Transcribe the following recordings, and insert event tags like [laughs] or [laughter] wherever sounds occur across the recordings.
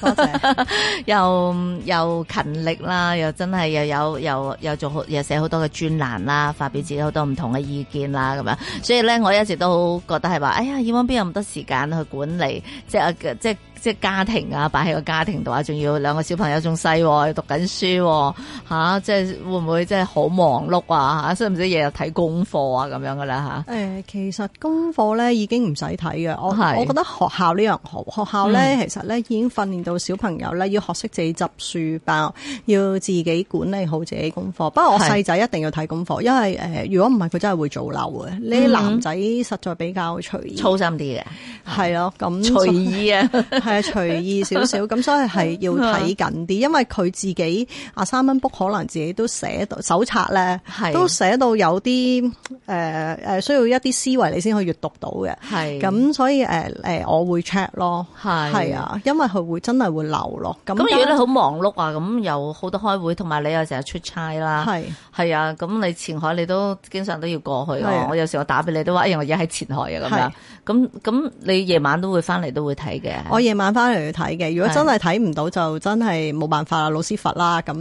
[laughs] 又又勤力啦，又真係又有又又做好，又寫好多嘅專欄啦，發表自己好多唔同嘅意見啦，咁樣。所以咧，我一直都覺得係話，哎呀，以往邊有咁多時間去管理，即係、啊、即係。即係家庭啊，擺喺個家庭度啊，仲要兩個小朋友仲細，要讀緊書吓、啊，即係會唔會即係好忙碌啊？嚇，識唔識日日睇功課啊？咁樣噶啦吓，誒，其實功課咧已經唔使睇嘅，我是我覺得學校呢樣學校咧，其實咧已經訓練到小朋友咧，要學識自己執書包，要自己管理好自己功課。不過我細仔一定要睇功課，因為誒，如果唔係佢真係會做漏嘅。呢啲、嗯、男仔實在比較隨意，粗心啲嘅，係咯、啊，咁隨意啊～ [laughs] 誒隨意少少咁，所以係要睇緊啲，因為佢自己啊三蚊 book 可能自己都寫到手冊咧，是啊、都寫到有啲誒誒需要一啲思維你先可以閱讀到嘅。係咁，所以誒誒、呃呃、我會 check 咯。係係是啊，啊，因為佢會真係會流落咁。如果是、啊、你好忙碌啊，咁有好多開會，同埋你有成日出差啦。係係是啊，啊，咁你前海你都經常都要過去嘅是、啊哦哎。我有時我打俾你都話，哎我而家喺前海是啊咁樣、啊。咁咁你夜晚都會翻嚟都會睇嘅。啊、我夜晚。翻翻嚟去睇嘅，如果真係睇唔到就真係冇辦法啦，老師罰啦，咁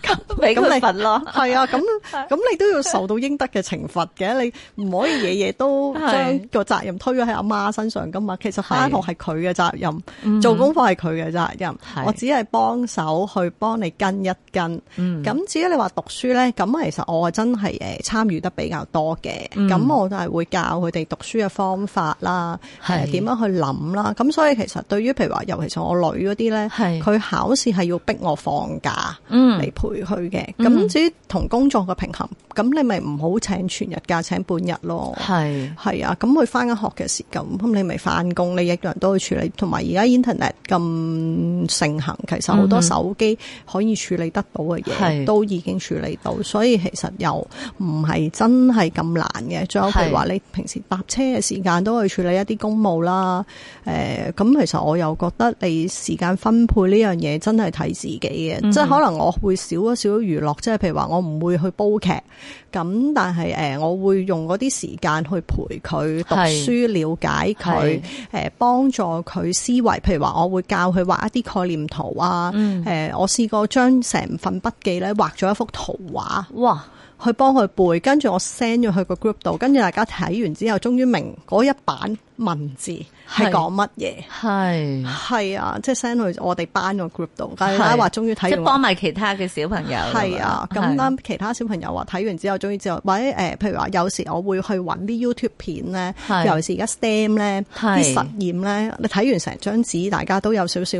咁俾佢罰咯，係啊，咁咁你都要受到應得嘅懲罰嘅，你唔可以夜夜都將個責任推咗喺阿媽身上噶嘛，其實翻學係佢嘅責任，做功課係佢嘅責任，我只係幫手去幫你跟一跟，咁至於你話讀書咧，咁其實我真係誒參與得比較多嘅，咁我都係會教佢哋讀書嘅方法啦，點樣去諗啦，咁所以其實。對於譬如話，尤其是我女嗰啲咧，佢是考試係要逼我放假嚟、嗯、陪佢嘅。咁、嗯、哼至於同工作嘅平衡，咁你咪唔好請全日假，請半日咯。係係是啊，咁佢翻緊學嘅時間，咁你咪翻工，你一樣都去處理。同埋而家 internet 咁盛行，其實好多手機可以處理得到嘅嘢，都已經處理到。是所以其實又唔係真係咁難嘅。仲有譬如話，你平時搭車嘅時間都去處理一啲公務啦。誒、呃，咁其實。我又覺得你時間分配呢樣嘢真係睇自己嘅，嗯、即係可能我會少咗少少娛樂，即係譬如話我唔會去煲劇，咁但係誒，我會用嗰啲時間去陪佢讀書、是 了解佢，誒是 幫助佢思維。譬如話，我會教佢畫一啲概念圖啊，誒，嗯、我試過將成份筆記咧畫咗一幅圖畫，哇！去幫佢背，跟住我 send 咗去個 group 度，跟住大家睇完之後，終於明嗰一版文字係講乜嘢。係係啊，即係 send 去我哋班個 group 度，大家話終於睇完。即係幫埋其他嘅小朋友。係啊，咁啱是其他小朋友話睇完之後，終於知道。或者誒、呃，譬如話有時我會去揾啲 YouTube 片咧，是尤其是而家 STEM 咧啲實驗咧，你睇完成張紙，大家都有少少，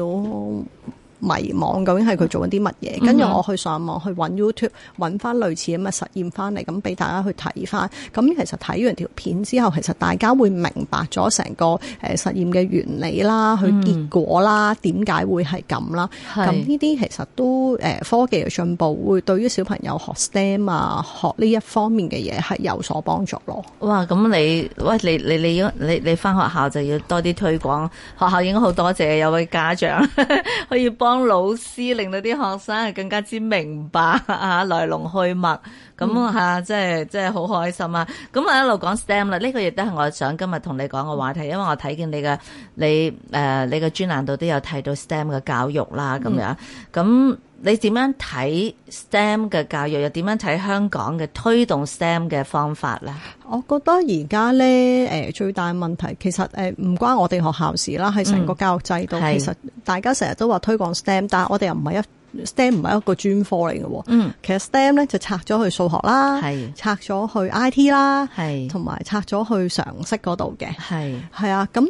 迷茫，究竟係佢做緊啲乜嘢？跟住我去上網去揾 YouTube 揾翻類似咁嘅實驗翻嚟，咁俾大家去睇翻。咁其實睇完條片之後，其實大家會明白咗成個誒實驗嘅原理啦，佢結果啦，點解、嗯、會係咁啦。咁呢啲其實都誒科技嘅進步會對於小朋友學 STEM 啊，學呢一方面嘅嘢係有所幫助咯。哇！咁你喂你你你你你翻學校就要多啲推廣，學校應該好多謝有位家長 [laughs] 可以幫。當老師令到啲學生係更加之明白啊， [laughs] 來龍去脈，咁啊、嗯，即係即係好開心啊！咁啊一路講 STEM 啦，呢個亦都係我想今日同你講個話題，因為我睇見你嘅你誒，你嘅專欄度都有睇到 STEM 嘅教育啦，咁樣咁。嗯你點樣睇 STEM 嘅教育，又點樣睇香港嘅推動 STEM 嘅方法咧？我覺得而家咧，誒、呃、最大問題其實誒唔、呃、關我哋學校事啦，係成、嗯、個教育制度。是其實大家成日都話推廣 STEM，但係我哋又唔係一 STEM 唔係一個專科嚟嘅。嗯、其實 STEM 咧就拆咗去數學啦，是拆咗去 I T 啦，同埋是拆咗去常識嗰度嘅，係係啊。咁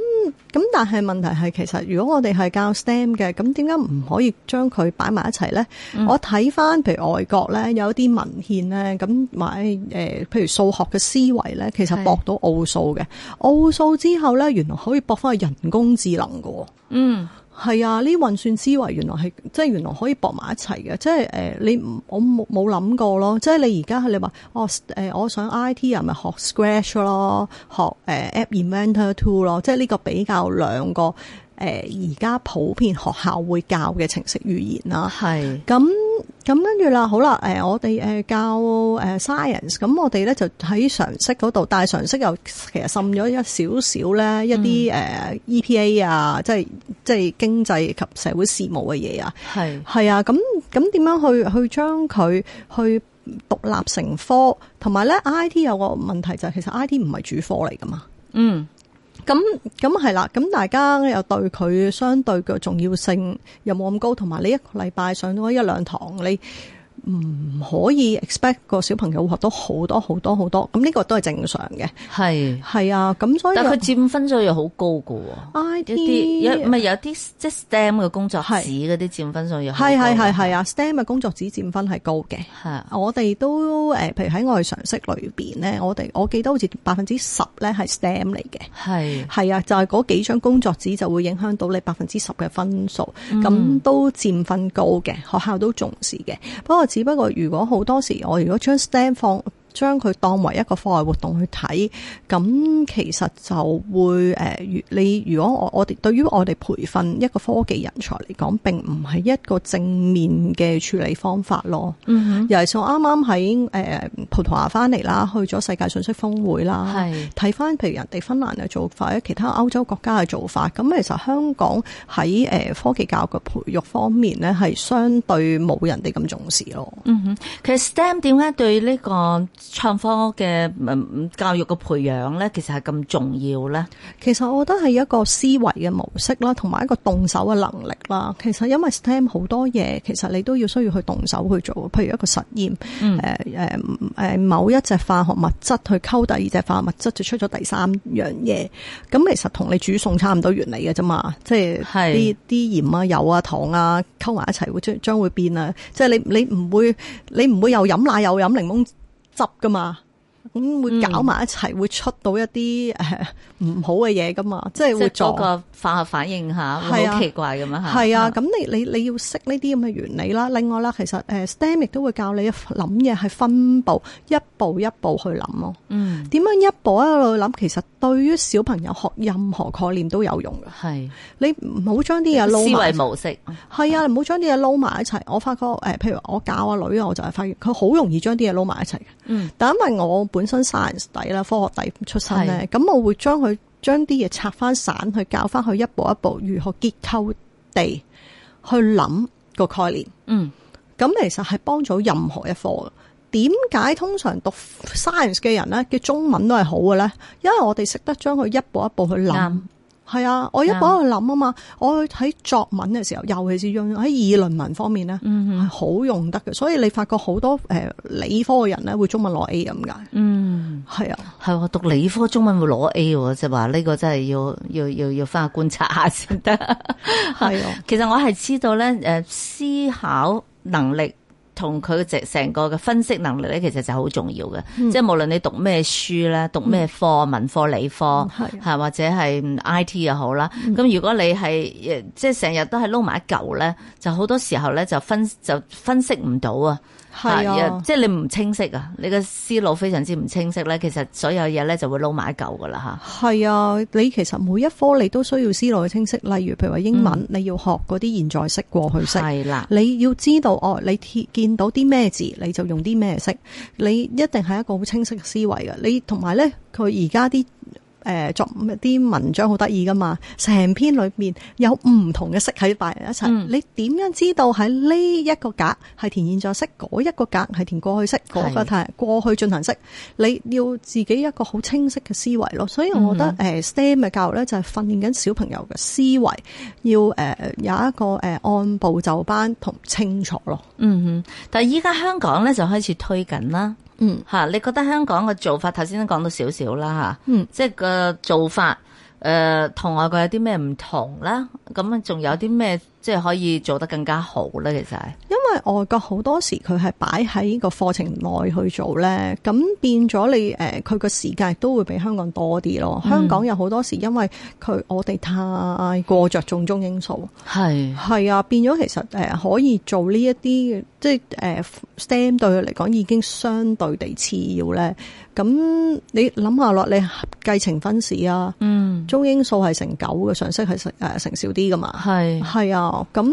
咁但係問題係，其實如果我哋係教 STEM 嘅，咁點解唔可以將佢擺埋一齊咧？嗯、我睇翻譬如外國咧有一啲文獻咧，咁埋誒，譬如數學嘅思維咧，其實駁到奧數嘅，奧數之後咧，原來可以駁翻去人工智能嘅，嗯。係啊，呢啲運算思維原來係即係原來可以駁埋一齊嘅，即係誒、呃，你我冇冇諗過咯，即係你而家你話哦，誒、呃，我想 IT 又咪學 Scratch 咯，學誒、呃、App Inventor Two 咯，即係呢個比較兩個誒而家普遍學校會教嘅程式語言啦。係咁是。咁跟住啦，好啦，誒、呃、我哋誒、呃、教誒、呃、science，咁我哋咧就喺常識嗰度，但係常識又其實滲咗一少少咧一啲誒、嗯 uh, EPA 啊，即係即係經濟及社會事務嘅嘢啊，係係是啊，咁咁點樣去去將佢去獨立成科，同埋咧 IT 有個問題就係、是、其實 IT 唔係主科嚟㗎嘛，嗯。咁咁係啦，咁大家又對佢相對嘅重要性又冇咁高，同埋呢一個禮拜上咗一兩堂你。唔、嗯、可以 expect 個小朋友學到好多好多好多，咁、嗯、呢、這個都係正常嘅。係係是啊，咁所以但係佢佔分數又好高嘅喎，一啲唔係有啲即係 STEM 嘅工作紙嗰啲佔分數又係係係係啊，STEM 嘅工作紙佔分係高嘅。係我哋都誒，譬如喺我哋常識裏邊咧，我哋我記得好似百分之十咧係 STEM 嚟嘅。係係啊，就係、是、嗰幾張工作紙就會影響到你百分之十嘅分數，咁、嗯、都佔分高嘅，學校都重視嘅。不過只不過如果好多時，我如果將 stand 放。將佢當為一個課外活動去睇，咁其實就會誒、呃，你如果我我哋對於我哋培訓一個科技人才嚟講，並唔係一個正面嘅處理方法咯。嗯哼。尤其係我啱啱喺誒葡萄牙翻嚟啦，去咗世界信息峰會啦，睇翻是譬如人哋芬蘭嘅做法，其他歐洲國家嘅做法，咁其實香港喺誒科技教育嘅培育方面咧，係相對冇人哋咁重視咯。嗯哼。其實 STEM 點解對呢、這個？創科嘅教育嘅培養呢，其實係咁重要呢。其實我覺得係一個思維嘅模式啦，同埋一個動手嘅能力啦。其實因為 STEM 好多嘢，其實你都要需要去動手去做，譬如一個實驗，誒誒某一隻化學物質去溝第二隻化學物質，就出咗第三樣嘢。咁其實同你煮餸差唔多原理嘅啫嘛，即係啲啲鹽啊、油啊、糖啊溝埋一齊會將將會變啊。即係你你唔會你唔會又飲奶又飲檸檬。執噶嘛，咁會搞埋一齊，嗯、會出到一啲誒唔好嘅嘢噶嘛，即係會做個化學反應吓，好、啊、奇怪咁啊！係啊、嗯，咁你你你要識呢啲咁嘅原理啦。另外啦，其實誒 STEM 亦都會教你諗嘢係分步，一步一步去諗咯。嗯，點樣一步一路去諗，其實對於小朋友學任何概念都有用嘅。係是，你唔好將啲嘢撈思維模式係啊，你唔好將啲嘢撈埋一齊。我發覺誒、呃，譬如我教阿女，我就係發現佢好容易將啲嘢撈埋一齊。嗯，但因為我本身 science 底啦，科學底出身咧，咁的我會將佢將啲嘢拆翻散去教翻，去一步一步如何結構地去諗個概念。嗯，咁其實係幫咗任何一科嘅。點解通常讀 science 嘅人咧，嘅中文都係好嘅咧？因為我哋識得將佢一步一步去諗。嗯。係啊，我一講去諗啊嘛，啊我去睇作文嘅時候，尤其是用喺議論文方面咧，係好、嗯、哼用得嘅。所以你發覺好多誒理科嘅人咧，會中文攞 A 咁解。嗯，係啊，係我、啊、讀理科中文會攞 A，即係話呢個真係要要要要翻去觀察下先得。係 [laughs] 啊，啊其實我係知道咧，誒，思考能力。同佢嘅成成個嘅分析能力咧，其實就好重要嘅。嗯、即係無論你讀咩書咧，讀咩科，文科、理科，係吓、嗯、或者係 IT 又好啦。咁、嗯、如果你係即係成日都係撈埋一嚿咧，就好多時候咧就分就分析唔到啊。係啊，即係你唔清晰啊，你個思路非常之唔清晰呢。其實所有嘢呢就會撈埋一嚿噶啦吓。係啊，你其實每一科你都需要思路清晰，例如譬如話英文，嗯、你要學嗰啲現在式、過去式，係啦、啊，你要知道哦，你見到啲咩字，你就用啲咩式，你一定係一個好清晰嘅思維噶。你同埋呢，佢而家啲。誒作啲文章好得意㗎嘛，成篇裏面有唔同嘅色喺埋一齊。嗯、你點樣知道喺呢的一個格係填現在式，嗰一個格係填過去式，嗰個係過去進行式？你要自己一個好清晰嘅思維咯。所以我覺得誒 STEM 嘅教育咧，就係訓練緊小朋友嘅思維，要誒有一個誒按部就班同清楚咯。嗯哼，但係依家香港咧就開始推緊啦。嗯，吓你覺得香港嘅做法頭先都講到少少啦吓，嗯，即係個做法，誒、呃，同外國有啲咩唔同啦？咁樣仲有啲咩？即係可以做得更加好咧，其實因為外國好多時佢係擺喺呢個課程內去做咧，咁變咗你誒，佢、呃、個時間都會比香港多啲咯。嗯、香港有好多時因為佢我哋太過着重中英數，係係是啊，變咗其實誒、呃、可以做呢一啲，即係誒、呃、STEM 對佢嚟講已經相對地次要咧。咁你諗下落，你呈分試啊，嗯，中英數係成九嘅常識係成誒成少啲噶嘛，係係是是啊。哦，咁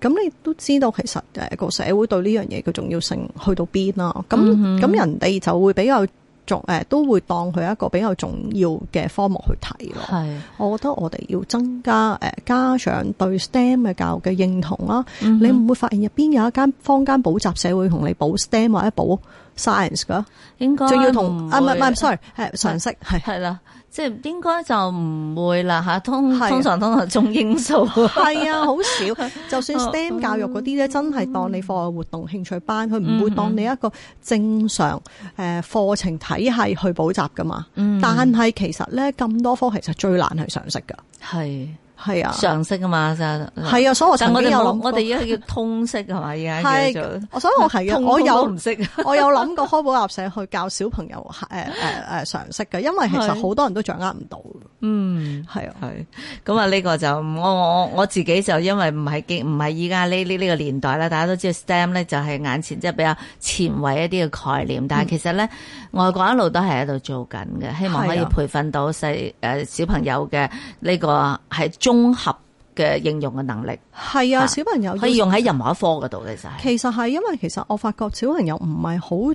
咁你都知道，其實誒個社會對呢樣嘢嘅重要性去到邊啦。咁咁人哋就會比較重誒，都會當佢一個比較重要嘅科目去睇咯。係是，我覺得我哋要增加誒家長對 STEM 嘅教育嘅認同啦。嗯、哼你唔會發現入邊有一間坊間補習社會同你補 STEM 或者補 science 噶？應該仲要同啊？唔係唔係，sorry，係常識係係啦。啊 [laughs] 啊即係應該就唔會啦吓，通、啊、通常都係中英數，係啊，好 [laughs] 少。就算 STEM 教育嗰啲咧，哦嗯、真係當你課外活動興趣班，佢唔、嗯嗯、會當你一個正常誒課程體系去補習噶嘛。嗯嗯但係其實咧咁多科，其實最難去常識噶。係。係啊，常識啊嘛，就係啊，所以我我我哋而家叫通識係嘛，而家叫做，所以我係我有唔識，我有諗過開補習社去教小朋友，誒誒誒常識嘅，因為其實好多人都掌握唔到。嗯，係啊，係。咁啊，呢個就我我我自己就因為唔係唔係依家呢呢呢個年代啦，大家都知道 STEM 咧就係眼前即係比較前衛一啲嘅概念，但係其實咧外國一路都係喺度做緊嘅，希望可以培訓到細誒小朋友嘅呢個係。綜合嘅應用嘅能力係啊，是小朋友可以用喺任何一科嗰度嘅就係。其實係因為其實我發覺小朋友唔係好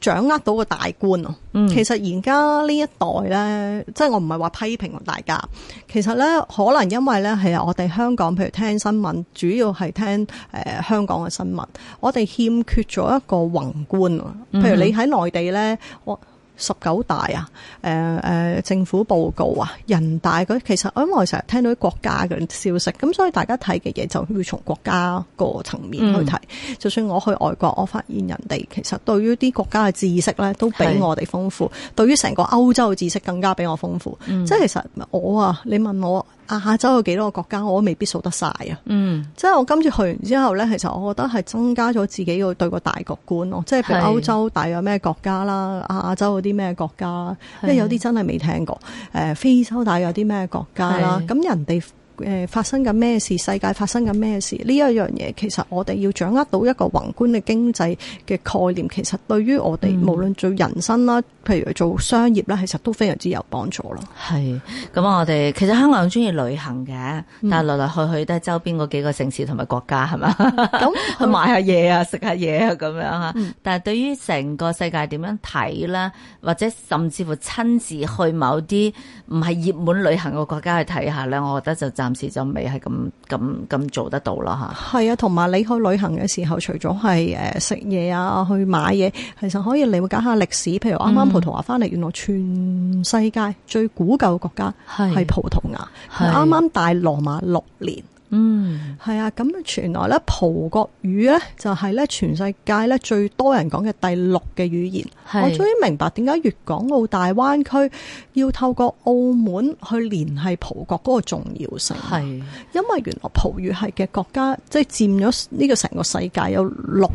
掌握到個大觀、嗯、其實而家呢一代呢，即係我唔係話批評大家，其實呢，可能因為呢係我哋香港，譬如聽新聞，主要係聽誒、呃、香港嘅新聞，我哋欠缺咗一個宏觀，譬如你喺內地呢。嗯、哼 我。十九大啊，誒、呃、誒、呃、政府報告啊，人大，佢其實我因為成日聽到啲國家嘅消息，咁所以大家睇嘅嘢就要從國家個層面去睇。嗯、就算我去外國，我發現人哋其實對於啲國家嘅知識咧，都比我哋豐富。是對於成個歐洲嘅知識更加比我豐富。嗯、即係其實我啊，你問我。亞洲有幾多個國家我都未必數得晒啊！嗯，即係我今次去完之後咧，其實我覺得係增加咗自己個對個大局觀咯，即係譬如歐洲大約有咩國家啦，亞洲嗰啲咩國家，即係有啲真係未聽過，誒、呃，非洲大約有啲咩國家啦，咁是人哋。誒、呃，發生緊咩事？世界發生緊咩事？呢一樣嘢其實我哋要掌握到一個宏觀嘅經濟嘅概念，其實對於我哋，嗯、無論做人生啦，譬如做商業啦，其實都非常之有幫助啦。係，咁我哋其實香港好中意旅行嘅，嗯、但係來來去去都係周邊嗰幾個城市同埋國家，係嘛？咁去，嗯、 [laughs] 買下嘢啊，食下嘢啊，咁樣吓。但係對於成個世界點樣睇啦，或者甚至乎親自去某啲唔係熱門旅行嘅國家去睇下咧，我覺得就是暫時就未係咁咁咁做得到啦吓，係啊，同埋你去旅行嘅時候，除咗係誒食嘢啊，去買嘢，其實可以了解下歷史。譬如啱啱葡萄牙翻嚟，原來全世界最古舊嘅國家係葡萄牙，啱啱大羅馬六年。嗯，係啊，咁啊，原來咧葡國語咧就係咧全世界咧最多人講嘅第六嘅語言。是我終於明白點解粵港澳大灣區要透過澳門去聯繫葡國嗰個重要性。係是，因為原來葡語系嘅國家，即係佔咗呢個成個世界有六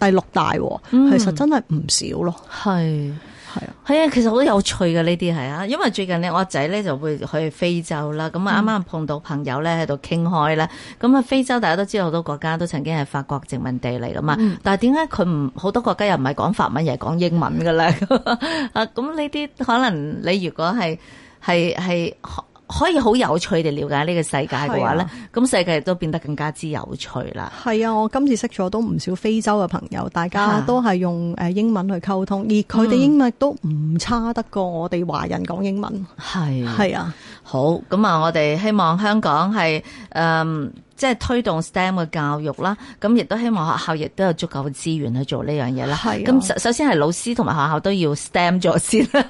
第六大，嗯，其實真係唔少咯。係。係啊，其實好有趣嘅，呢啲係啊，因為最近咧，我仔咧就會去非洲啦，咁啊啱啱碰到朋友咧喺度傾開啦，咁啊非洲大家都知道好多國家都曾經係法國殖民地嚟噶嘛，嗯、但係點解佢唔好多國家又唔係講法文，而係講英文噶咧？啊是的、 [laughs] 嗯，咁呢啲可能你如果係係係。可以好有趣地了解呢個世界嘅話呢咁、啊、世界亦都變得更加之有趣啦。係啊，我今次識咗都唔少非洲嘅朋友，大家都係用誒英文去溝通，而佢哋英文都唔差得過我哋華人講英文。係係啊。好咁啊！我哋希望香港係誒、嗯，即係推動 STEM 嘅教育啦。咁亦都希望學校亦都有足夠嘅資源去做呢樣嘢啦。係咁的，首先係老師同埋學校都要 STEM 咗先啦。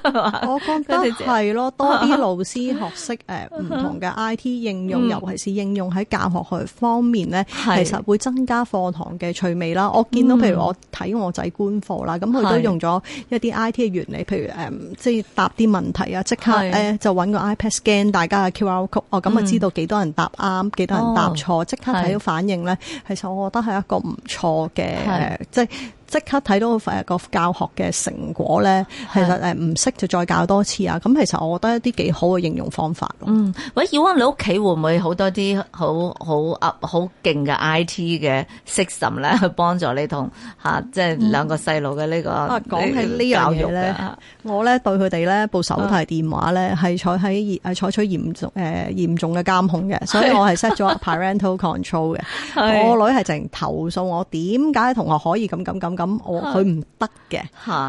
我覺得係咯， [laughs] 多啲老師學識誒，唔同嘅 IT 應用，嗯、尤其是應用喺教學學方面咧，的其實會增加課堂嘅趣味啦。我見到譬如我睇我仔官課啦，咁佢的都用咗一啲 IT 嘅原理，譬如誒、嗯，即係答啲問題啊，即刻誒的就搵個 iPad scan 大家嘅 QR code 哦，咁啊知道幾多人答啱，幾、嗯、多人答錯，即、哦、刻睇到反應咧。是其實我覺得係一個唔錯嘅，即係是。就是即刻睇到個教學嘅成果咧，其實誒唔識就再教多次啊！咁其實我覺得一啲幾好嘅應用方法咯。嗯，喂，耀安，你屋企會唔會好多啲好好啊好勁嘅 I T 嘅 system 咧去幫助你同吓、啊，即係兩個細路嘅呢個啊，講起呢樣嘢咧，嗯、我咧對佢哋咧部手提電話咧係採喺誒採取嚴重誒嚴、嗯呃、重嘅監控嘅，所以我係 set 咗 parental control 嘅。我女係淨投訴我點解同學可以咁咁咁？咁我佢唔得嘅，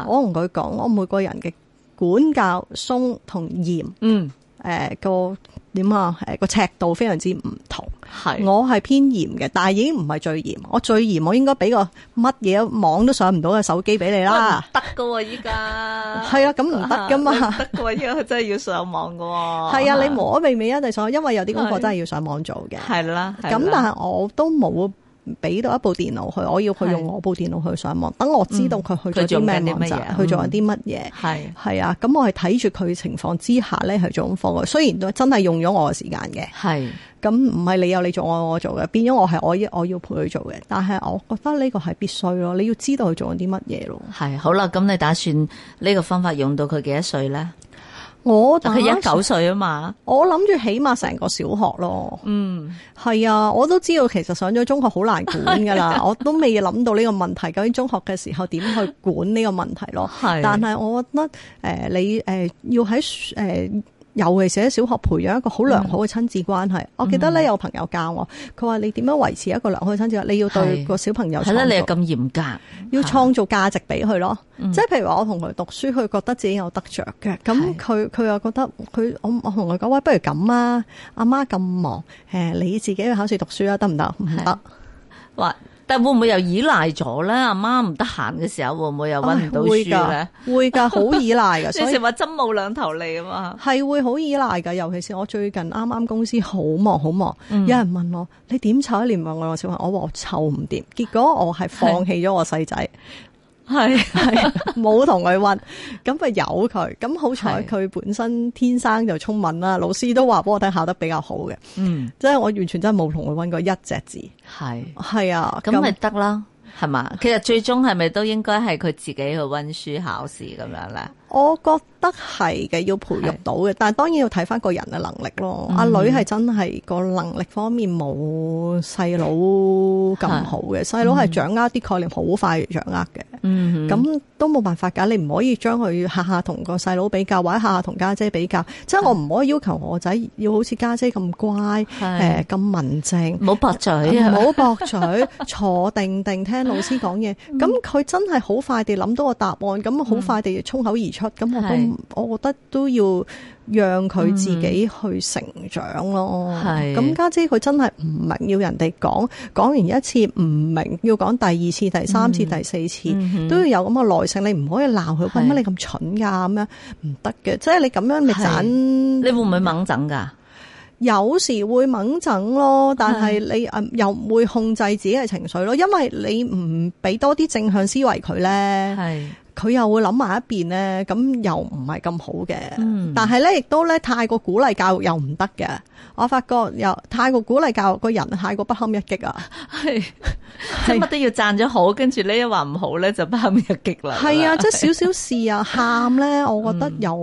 我同佢講，我每個人嘅管教鬆同嚴，嗯，誒個點啊，誒個尺度非常之唔同，係我係偏嚴嘅，但係已經唔係最嚴，我最嚴我應該俾個乜嘢網都上唔到嘅手機俾你啦，得噶依家，係啊，咁唔得噶嘛，得噶依家真係要上網噶，係啊，你無可避免啊，就因為有啲功課真係要上網做嘅，係啦，咁但係我都冇。俾到一部電腦去，我要佢用我部電腦去上網。是等我知道佢去、嗯、什麼 做啲咩網站，去做緊啲乜嘢。係係、嗯、是啊，咁我係睇住佢情況之下咧，係做功課。雖然都真係用咗我嘅時間嘅。係咁唔係你有你做，我有我做嘅。變咗我係我，我，我，我要陪佢做嘅。但係我覺得呢個係必須咯。你要知道佢做緊啲乜嘢咯。係好啦，咁你打算呢個方法用到佢幾多歲咧？我但係而家九歲啊嘛，我諗住起碼成個小學咯。嗯，係啊，我都知道其實上咗中學好難管噶啦， [laughs] 我都未諗到呢個問題。究竟中學嘅時候點去管呢個問題咯？係是，但係我覺得誒、呃，你誒、呃、要喺誒。呃尤其寫小學培養一個好良好嘅親子關係。嗯、我記得咧有朋友教我，佢話你點樣維持一個良好嘅親子關係？你要對個小朋友係啦，你咁嚴格，要創造價值俾佢咯。嗯、即係譬如話我同佢讀書，佢覺得自己有得着嘅，咁佢佢又覺得佢我我同佢講，喂，不如咁啊，阿媽咁忙，誒你自己去考試讀書啊，得唔得？得，話。但會唔會又依賴咗咧？阿媽唔得閒嘅時候，會唔會又搵唔到書咧、哎？會噶，好依賴噶。所以 [laughs] 你成日針冇兩頭利啊嘛，係會好依賴噶。尤其是我最近啱啱公司好忙，忙，好忙，嗯，有人問我，你點湊一年萬外小萬，我話湊唔掂。結果我係放棄咗我細仔。係係冇同佢溫，咁咪由佢，咁 [music] [music] 好彩佢本身天生就聰敏啦，是老師都話幫我睇考得比較好嘅，嗯，即係我完全真係冇同佢溫過一隻字，係係是啊，咁咪得啦，係嘛， [music] 其實最終係咪都應該係佢自己去溫書考試咁樣咧？我覺得係嘅，要培育到嘅，但係當然要睇返個人嘅能力咯。阿女係真係個能力方面冇細佬咁好嘅，細佬係掌握啲概念好快掌握嘅。咁都冇辦法㗎，你唔可以將佢下下同個細佬比較，或者下下同家姐比較。即係我唔可以要求我仔要好似家姐咁乖，誒咁文靜，唔好駁嘴，唔好駁嘴， [laughs] 坐定定聽老師講嘢。咁佢真係好快地諗到個答案，咁好快地衝口而出。咁我都，是我覺得都要讓佢自己去成長咯。係咁，家姐佢真係唔明，要人哋講，講完一次唔明，要講第二次、第三次、嗯、第四次，嗯、哼都要有咁嘅耐性。你唔可以鬧佢，話乜是你咁蠢噶，咁樣，唔得嘅。即係你咁樣咪整，你會唔會猛整噶？有時會猛整咯，但係你誒又會控制自己嘅情緒咯，因為你唔俾多啲正向思維佢咧。係是。佢又會諗埋一邊咧，咁又唔係咁好嘅。嗯、但係咧，亦都咧，太過鼓勵教育又唔得嘅。我發覺又太過鼓勵教育個人太過不堪一擊啊，係。 [laughs] 乜、啊、都要讚咗好，跟住呢一話唔好咧，就不堪一擊啦。係啊，即係少少事啊，喊咧， [laughs] 我覺得又啊，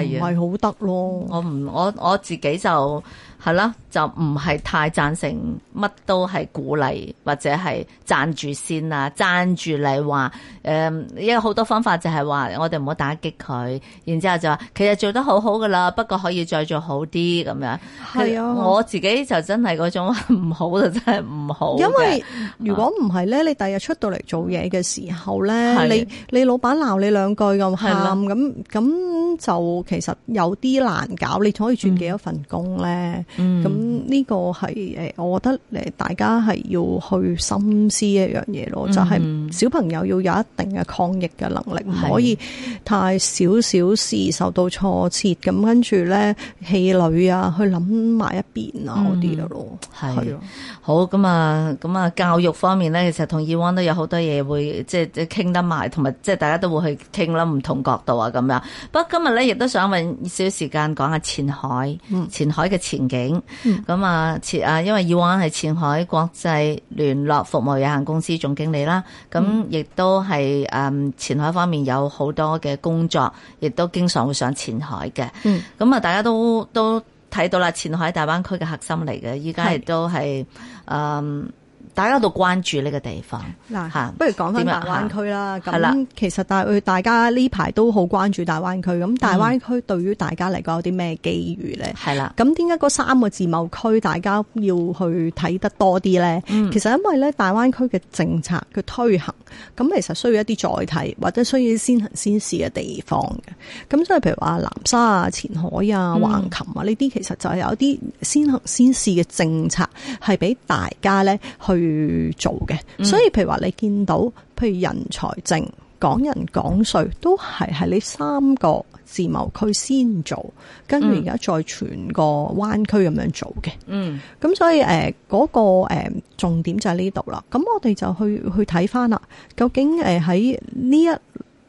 唔係好得咯。我唔、啊，我我，我自己就係啦、啊，就唔係太讚成乜都係鼓勵或者係讚住先啊，讚住你話誒，有、嗯、好多方法就係話我哋唔好打擊佢，然之後就話其實做得好好噶啦，不過可以再做好啲咁樣。係啊，我自己就真係嗰種唔 [laughs] 好就真係唔好，因為，如果唔係咧，你第日出到嚟做嘢嘅時候咧的，你你老闆鬧你兩句咁喊，咁咁的就其實有啲難搞。你可以轉幾多份工咧？咁呢、嗯、個係誒，我覺得誒，大家係要去深思一樣嘢咯，就係、是、小朋友要有一定嘅抗疫嘅能力，唔可以太少少事受到挫折，咁跟住咧氣餒啊，去諗埋一邊啊啲咯。係咯、嗯，好咁啊，咁啊教育。方面咧，其實同以往都有好多嘢會即係即係傾得埋，同埋即係大家都會去傾啦，唔同角度啊咁樣。不過今日咧，亦都想搵少少時間講下前海，嗯、前海嘅前景。咁啊、嗯，前啊、嗯，因為以往係前海國際聯絡服務有限公司總經理啦，咁亦、嗯、都係誒、嗯、前海方面有好多嘅工作，亦都經常會上前海嘅。咁啊、嗯，大家都都睇到啦，前海大灣區嘅核心嚟嘅，依家亦都係誒。是嗯大家都關注呢個地方嗱，喏是不如講翻大灣區啦。咁其實大大家呢排都好關注大灣區，咁的大灣區對於大家嚟講有啲咩機遇咧？係啦的，咁點解嗰三個自貿區大家要去睇得多啲咧？的其實因為咧，大灣區嘅政策佢推行，咁的其實需要一啲載體或者需要先行先試嘅地方嘅。咁所以譬如話南沙啊、前海啊、橫琴啊呢啲，其實就係有一啲先行先試嘅政策，係俾大家咧去。去做嘅，所以譬如話你見到，譬如人才證、港人港稅，都係係呢三個自貿區先做，跟住而家再全個灣區咁樣做嘅。嗯，咁所以誒嗰、呃那個誒、呃、重點就係呢度啦。咁我哋就去去睇翻啦，究竟誒喺呢一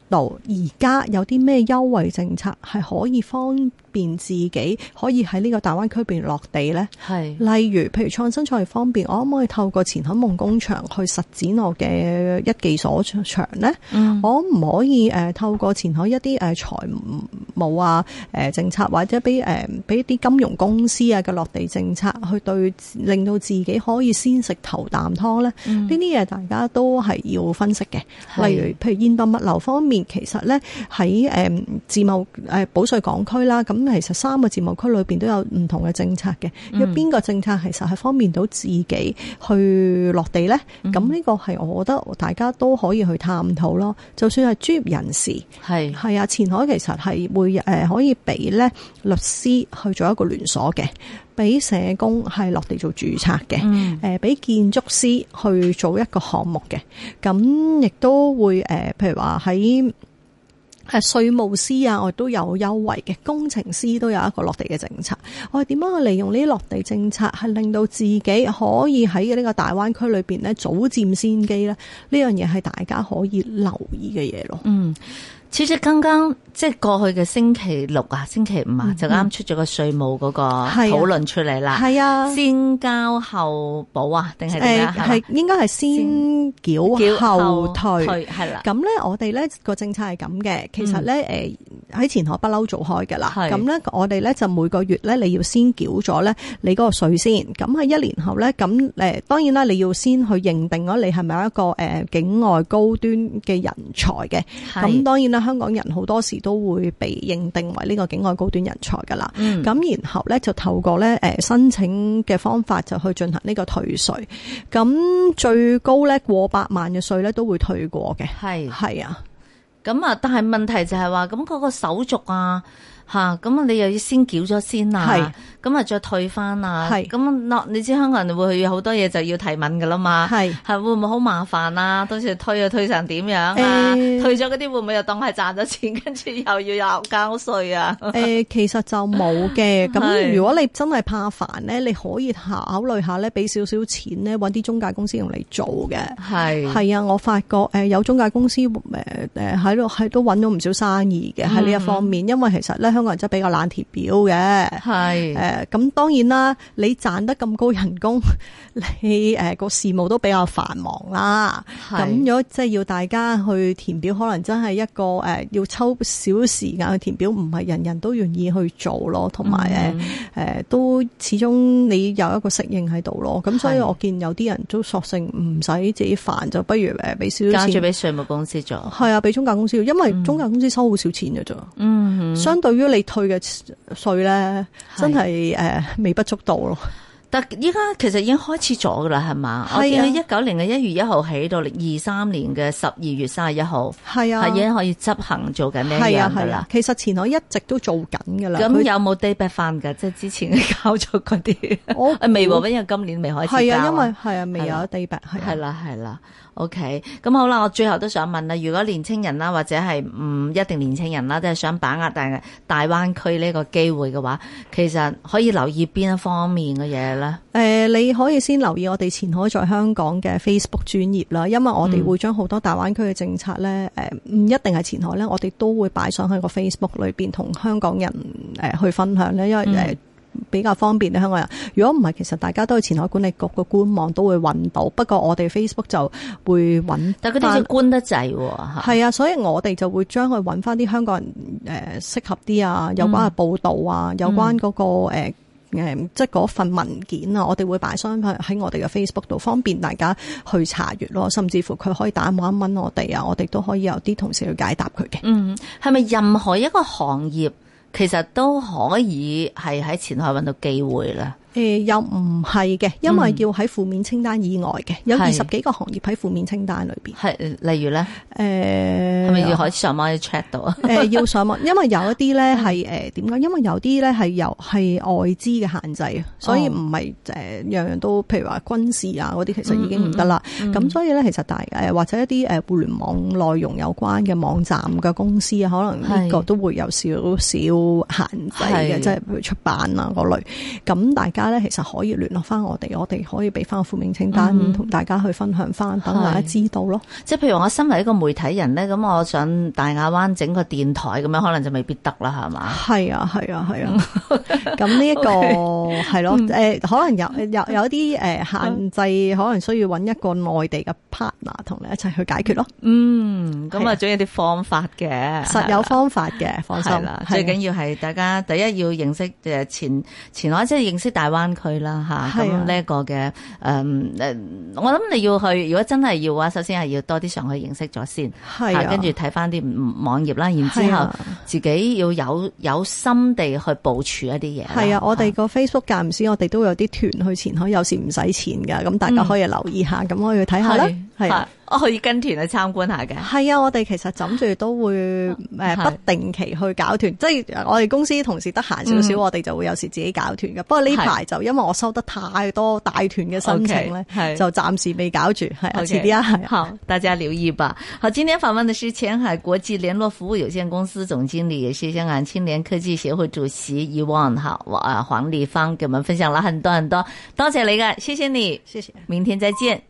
度而家有啲咩優惠政策係可以方自己可以喺呢個大灣區邊落地咧？係例如譬如創新創業方面，我可唔可以透過前海夢工場去實踐我嘅一技所長咧？我唔可以誒透過前海一啲誒財務啊、誒政策或者俾誒俾一啲金融公司啊嘅落地政策去對令到自己可以先食頭啖湯咧？呢啲嘢大家都係要分析嘅。例如譬如現代物流方面，其實咧喺誒自貿誒保稅港區啦，咁。其實三個自貿區裏邊都有唔同嘅政策嘅，有邊、嗯、個政策其實係方便到自己去落地呢？咁呢、嗯、個係我覺得大家都可以去探討咯。嗯、就算係專業人士，係係是啊，前海其實係會誒、呃、可以俾咧律師去做一個連鎖嘅，俾社工係落地做註冊嘅，誒俾、嗯呃、建築師去做一個項目嘅，咁、呃、亦都會誒、呃，譬如話喺。係稅務師啊，我都有優惠嘅，工程師都有一個落地嘅政策。我哋點樣去利用呢啲落地政策，係令到自己可以喺呢個大灣區裏邊咧，早佔先機呢？呢樣嘢係大家可以留意嘅嘢咯。嗯。似似剛剛即係過去嘅星期六啊，星期五啊，嗯嗯就啱出咗個稅務嗰個討論出嚟啦。係啊，啊先交後補啊，定係點啊？係應該係先繳後退係啦。咁咧，我哋咧個政策係咁嘅。其實咧，誒喺、嗯呃、前海不嬲做開噶啦。係咁咧，我哋咧就每個月咧，你要先繳咗咧你嗰個稅先。咁喺一年後咧，咁誒當然啦，你要先去認定咗你係咪一個誒、呃、境外高端嘅人才嘅。係咁是，當然啦。香港人好多時都會被認定為呢個境外高端人才㗎喇，咁、嗯、然後咧就透過咧誒申請嘅方法就去進行呢個退稅，咁最高咧過百萬嘅稅咧都會退過嘅，係係是啊，咁啊但係問題就係話咁嗰個手續啊。吓，咁啊你又要先繳咗先啊，咁啊是再退翻啊，咁是你知香港人會好多嘢就要提問㗎啦嘛，係是會唔會好麻煩啊？到時退又退成點樣啊？呃、退咗嗰啲會唔會又當係賺咗錢，跟住又要又交稅啊？誒、 [laughs] 呃，其實就冇嘅。咁如果你真係怕煩咧，是你可以考慮下咧，俾少少錢咧，揾啲中介公司用嚟做嘅。係係是啊，我發覺誒、呃、有中介公司誒誒喺度係都揾到唔少生意嘅喺呢一方面， [laughs] 因為其實咧。香港人真係比較懶填表嘅，係誒，咁當然啦。你賺得咁高人工，你誒個事務都比較繁忙啦。咁是 如果即係要大家去填表，可能真係一個誒、呃、要抽少少時間去填表，唔係人人都願意去做咯。同埋誒誒都始終你有一個適應喺度咯。咁、嗯嗯、所以我見有啲人都索性唔使自己煩，就不如誒俾少少錢，交俾稅務公司做。係啊，俾中介公司，因為中介公司收好少錢嘅啫。嗯，嗯，嗯嗯、相對於。你退嘅稅咧，的真係誒、uh，微不足道咯。但依家其實已經開始咗噶啦，係嘛？係啊的，一九年嘅一月一號起到二三年嘅十二月三十一號，係啊的，係已經可以執行做緊咩嘢？噶啦。其實前海一直都做緊噶啦。咁有冇 date back 翻嘅？即係他之前交咗嗰啲，未誒未，因為今年未開始交，係啊，因為係啊，未有 date back。係啦，係啦。OK，咁好啦，我最後都想問啦，如果年青人啦，或者係唔一定年青人啦，即係想把握大大灣區呢個機會嘅話，其實可以留意邊一方面嘅嘢呢？誒、呃，你可以先留意我哋前海在香港嘅 Facebook 專頁啦，因為我哋會將好多大灣區嘅政策呢，誒、呃，唔一定係前海呢，我哋都會擺上去個 Facebook 裏邊同香港人誒、呃、去分享呢。因為誒。嗯比較方便咧，香港人。如果唔係，其實大家都去前海管理局嘅官網都會揾到。不過我哋 Facebook 就會揾。但佢哋要官得滯喎，吓。係啊，所以我哋就會將佢揾翻啲香港人誒、適、呃、合啲啊，有關嘅報道啊，嗯、有關嗰、那個誒誒、呃，即係嗰份文件啊，我哋會擺上去喺我哋嘅 Facebook 度，方便大家去查閱咯。甚至乎佢可以打電話問我哋啊，我哋都可以有啲同事去解答佢嘅。嗯，係咪任何一個行業？其實都可以係喺前海揾到機會啦。誒、呃，又唔係嘅，因為要喺負面清單以外嘅，嗯、有二十幾個行業喺負面清單裏邊。係，例如咧，誒、呃，係咪要可以上網 check 到啊？誒、 [laughs] 呃，要上網，因為有一啲咧係誒點講？因為有啲咧係由係外資嘅限制，哦、所以唔係誒樣樣都，譬如話軍事啊嗰啲，其實已經唔得啦。咁、嗯嗯、所以咧，其實大誒或者一啲誒互聯網內容有關嘅網站嘅公司啊，嗯、可能呢個都會有少少，少限制嘅的，即係譬如出版啊嗰類。咁大家。其實可以聯絡翻我哋，我哋可以俾翻個負面清單，同、嗯、大家去分享翻，等大家知道咯。即係譬如我身為一個媒體人咧，咁我想大亞灣整個電台咁樣，可能就未必得啦，係嘛？係啊，係啊，係啊。咁呢一個係咯，誒 [laughs] Okay.、啊，可能有有有啲誒限制，可能需要搵一個內地嘅 partner 同你一齊去解決咯、嗯。嗯，咁啊，仲有啲方法嘅，實有方法嘅、啊，放心啦。最緊要係大家第一要認識誒前前海，即係認識大。灣區啦，吓咁呢一個嘅，誒、啊嗯，我諗你要去，如果真係要嘅話，首先係要多啲上去認識咗先，吓、啊，跟住睇翻啲網頁啦，啊、然之後自己要有有心地去部署一啲嘢。係啊，啊，我哋個 Facebook 間唔時，我哋都有啲團去前海，有時唔使錢噶，咁大家可以留意下，咁可以去睇下啦。係，我可以跟團去參觀下嘅。係啊，我哋其實枕住都會誒不定期去搞團，即係我哋公司同事得閒少少，我哋就會有時自己搞團嘅。不過呢排就因為我收得太多帶團嘅申請咧，就暫時未搞住。係，遲啲啊，好，大家留意吧。好，今天訪問嘅是前海國際聯絡服務有限公司總經理，也是香港青年科技協會主席。Ewan，好，我啊黃麗芳，給我們分享了很多很多。多謝你㗎，謝謝你，謝謝，明天再見。